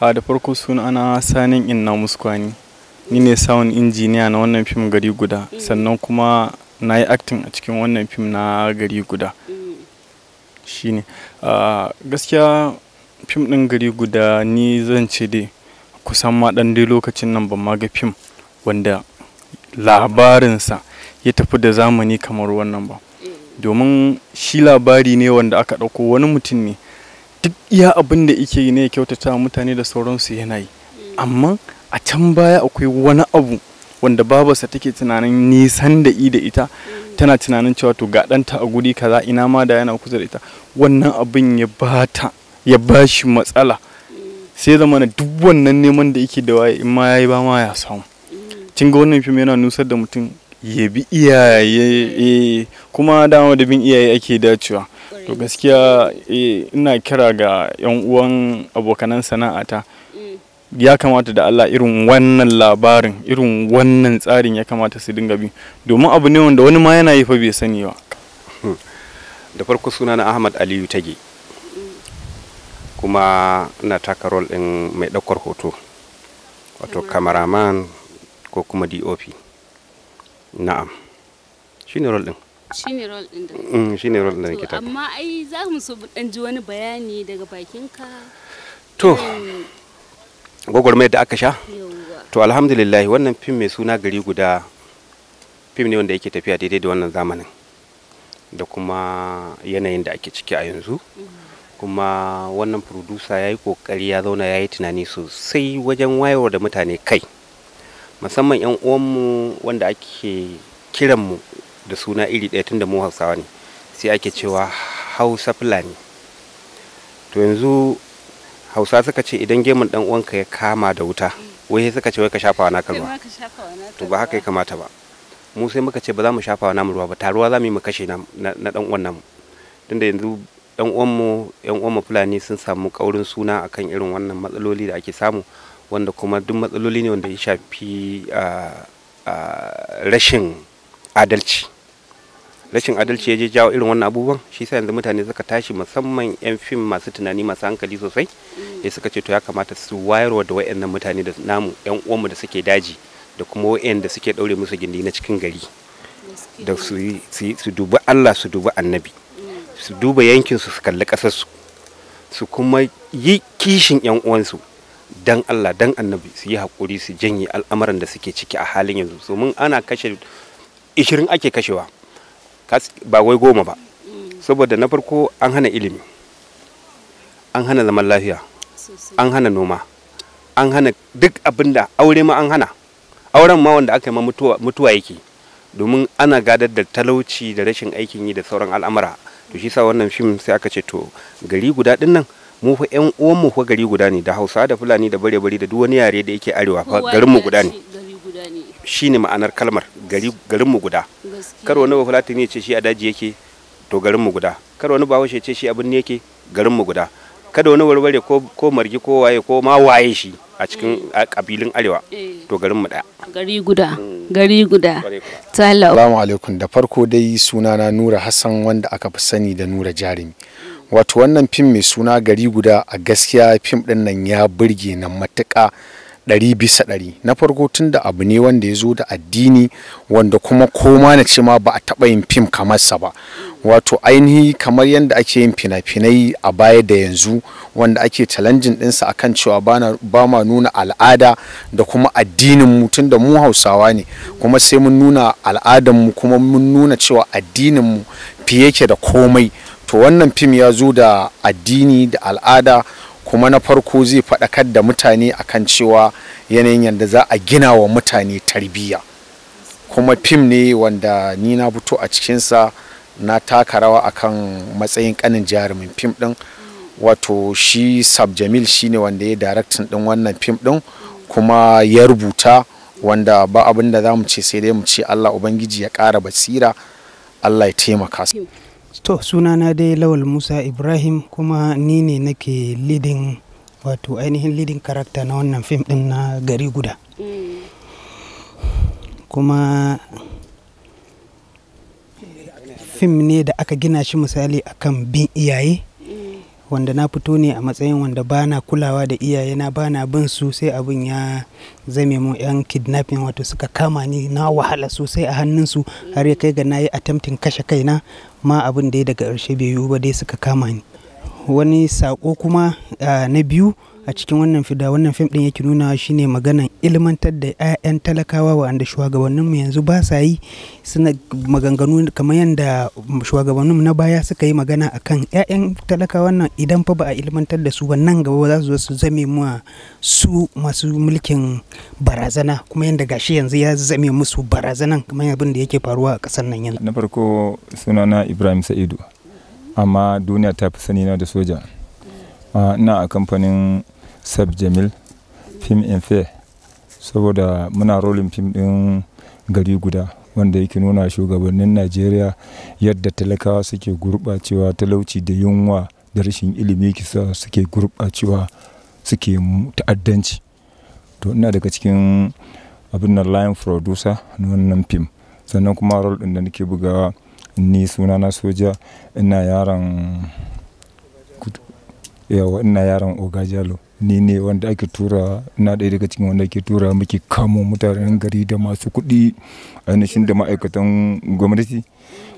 ha da farko ana sanin inna muskwani ni ne sound engineer na wannan fim gari guda mm. sannan kuma na yi acting a cikin wannan fim na gari guda mm. shine ah, gaskiya fim din gari guda ni zan ce dai kusan ma dan dai lokacin nan ban ma ga fim wanda labarinsa ya tafi da zamani kamar wannan ba mm. domin shi labari ne wanda aka ɗauko wani mutum ne duk iya abin da yake yi ne ya kyautata mutane da sauransu yana yi amma a can baya akwai wani abu wanda babarsa take tunanin nisan da i da ita tana tunanin cewa to ga ɗanta a guri kaza ina ma da yana kusa da ita wannan abin ya bata ya bashi matsala sai zama na duk wannan neman da yake da waye in ma yayi ba ma ya samu kin ga wannan fim yana nusar da mutum ya bi iyaye kuma dama da bin iyaye ake dacewa to gaskiya eh, ina kira ga 'yan uwan abokanan sana'ata mm. ya kamata da Allah irin wannan labarin irin wannan tsarin ya kamata su dinga bi domin abu ne wanda wani ma yana yi fa bai sani ba hmm. da farko suna na Ahmad Aliyu Tage mm. kuma ina taka rol ɗin mai ɗaukar hoto wato kamaraman mm. ko kuma DOP na'am shine rol ɗin shi ne rolin da nake mm, taka amma ai za mu so dan ji wani bayani daga bakinka to mai da aka sha to alhamdulillah wannan fim mai suna gari guda fim ne wanda yake tafiya daidai da wannan zamanin da kuma yanayin da ake ciki a yanzu mm. kuma wannan furudusa ya yi kokari ya zauna ya yi tunani sosai wajen wayewar da mutane kai musamman 'yan uwanmu wanda ake kiranmu da suna iri ɗaya tunda mu hausawa ne sai ake cewa hausa fulani to yanzu hausa suka ce idan gemun dan uwanka ya kama da wuta wai suka ce wai ka shafa wa naka ruwa to ba haka ya kamata ba mu sai muka ce ba za mu shafa wa namu ruwa ba taruwa za mu yi mu kashe na dan uwan namu tunda yanzu dan uwan mu yan uwan mu fulani sun samu kaurin suna akan irin wannan matsaloli da ake samu wanda kuma duk matsaloli ne wanda ya shafi ah, ah, rashin adalci rashin adalci ya je jawo irin wannan abubuwan shi sa yanzu mutane suka tashi musamman yan fim masu tunani masu hankali sosai ya mm. suka ce to ya kamata su wayarwa da wayannan mutane da namu yan uwanmu da suke daji da kuma wayanda suke daure musu gindi na cikin gari da su su dubi Allah su dubi annabi mm. su duba yankin su su kalli kasar su su kuma yi kishin yan uwansu dan Allah dan annabi su yi hakuri su janye al'amuran da suke ciki a halin yanzu so mun ana kashe 20 ake kashewa ba wai goma ba saboda na farko an hana ilimi an hana zaman lafiya an hana noma an hana duk abin da aure ma an hana auren ma wanda aka yi ma mutuwa yake domin ana gadar da talauci da rashin aikin yi da sauran al'amura to shi sa wannan fim sai aka ce to gari guda din nan mu fa yan uwan mu fa gari guda ne da Hausa da Fulani da bare-bare da duk wani yare da yake arewa fa garin mu guda ne shine ma'anar kalmar garin mu guda kar wani ne ce shi a daji yake to garin mu guda kar wani bahaushe ce shi abin yake garin mu guda kada wani warware ko margi ko waye ko ma waye shi a cikin kabilin mm. arewa eh. to garin mu daya mm. gari guda gari guda salamu alaikum da farko dai suna na nura hassan wanda aka fi sani da nura jarumi wato wannan fim mai suna gari guda a gaskiya fim din nan ya burge na matuƙa ɗari bisa ɗari na farko tun da abu ne wanda ya zo da addini wanda kuma koma na ce ba a taɓa yin fim kamar sa ba wato ainihi kamar yadda ake yin fina-finai a baya da yanzu wanda ake challenging ɗinsa akan cewa ba ma nuna al'ada da kuma addinin mu tun da mu hausawa ne kuma sai mun nuna al'adan mu kuma mun nuna cewa addinin mu fiye yake da komai to wannan fim ya zo da addini da al'ada kuma na farko zai faɗakar da mutane akan cewa yanayin yadda za a gina wa mutane tarbiyya kuma fim ne wanda ni na fito a cikinsa na taka rawa akan matsayin kanin jarumin fim ɗin wato shi sab jamil shine wanda ya daraktan ɗin wannan fim ɗin kuma ya rubuta wanda ba abin da za mu ce sai dai mu ce allah ubangiji ya ƙara basira allah ya taimaka To sunana dai Lawal Musa Ibrahim kuma ni ne nake leading wato ainihin leading character na wannan fim din na gari guda. Kuma fim ne da aka gina shi misali akan bin iyaye wanda na fito ne a matsayin wanda ba na kulawa da iyayena ba na bin su sai abin ya zame mu yan kidnapping wato suka kama ni na wahala sosai a hannunsu har ya kai ga na yi attempting kashe kaina ma abin da ya daga ƙarshe bai yiwu ba dai suka kama ni wani sako kuma na biyu a cikin wannan fida wannan fim din yake nuna shine maganan ilmantar da 'ya'yan talakawa wanda shugabanninmu yanzu ba sa yi suna maganganu kamar yadda shugabanninmu na baya suka yi magana akan 'ya'yan talakawa nan idan fa ba a ilmantar da su ba nan gaba za su zo su zame mu su masu mulkin barazana kuma yadda gashi yanzu ya zame musu barazanan kamar abin da yake faruwa a ƙasar nan yanzu na farko sunana ibrahim sa'idu amma duniya ta fi sani na da soja ina a kamfanin sab jamil film and fair saboda muna rolin fim din gari guda wanda yake nuna shugabannin najeriya yadda talakawa suke gurɓacewa talauci da yunwa da rashin ilimi kisa suke gurɓacewa suke ta'addanci to ina daga cikin abin nan lion producer na wannan fim sannan kuma rol din da nake bugawa ni suna na soja ina yaran yawa ina yaran ogajalo ni ne wanda ake tura na ɗaya daga cikin wanda ake tura muke kamo mutanen gari da masu kuɗi ainihin da ma'aikatan gwamnati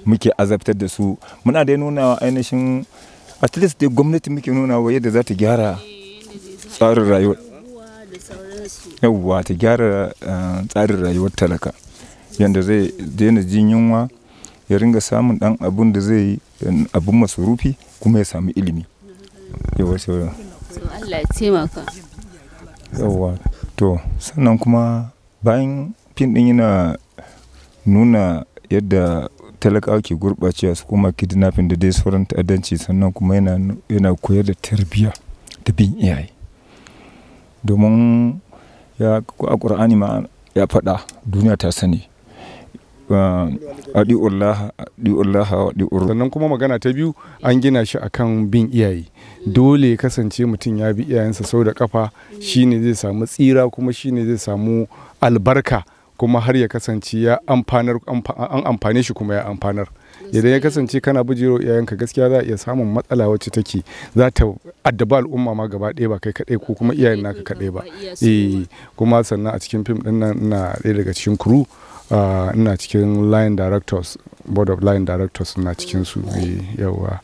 muke azabtar da su muna da nuna ainihin at least dai gwamnati muke nuna wa yadda za ta gyara tsarin rayuwa yawwa ta gyara eh, tsarin rayuwar talaka yadda zai daina jin yunwa ya ringa samun dan abun da zai yi abun masurufi kuma ya samu ilimi yawa Allah ya taimaka yawa to sannan kuma bayan fin din yana nuna yadda talakawa ke gurɓacewa su kuma kidnapping da dai sauran ta'addanci sannan kuma yana koyar da tarbiyya da bin iyaye domin ya a ƙur'ani ma ya faɗa duniya ta sani adi'ullaha adi'ullaha sannan kuma magana ta biyu an gina shi akan bin iyaye dole ya kasance mutum ya bi iyayensa sau da kafa shine zai samu tsira kuma shine zai samu albarka kuma har ya kasance ya amfanar an amfane shi kuma ya amfanar idan ya kasance kana bujiro iyayenka gaskiya za a iya samun matsala wacce take za ta addaba al'umma ma gaba ɗaya ba kai kaɗai ko kuma iyayen naka kaɗai ba E, kuma sannan a cikin fim ɗin nan ina ɗaya daga cikin kuru Ah, ina cikin line directors board of line directors na cikin su eh, yawa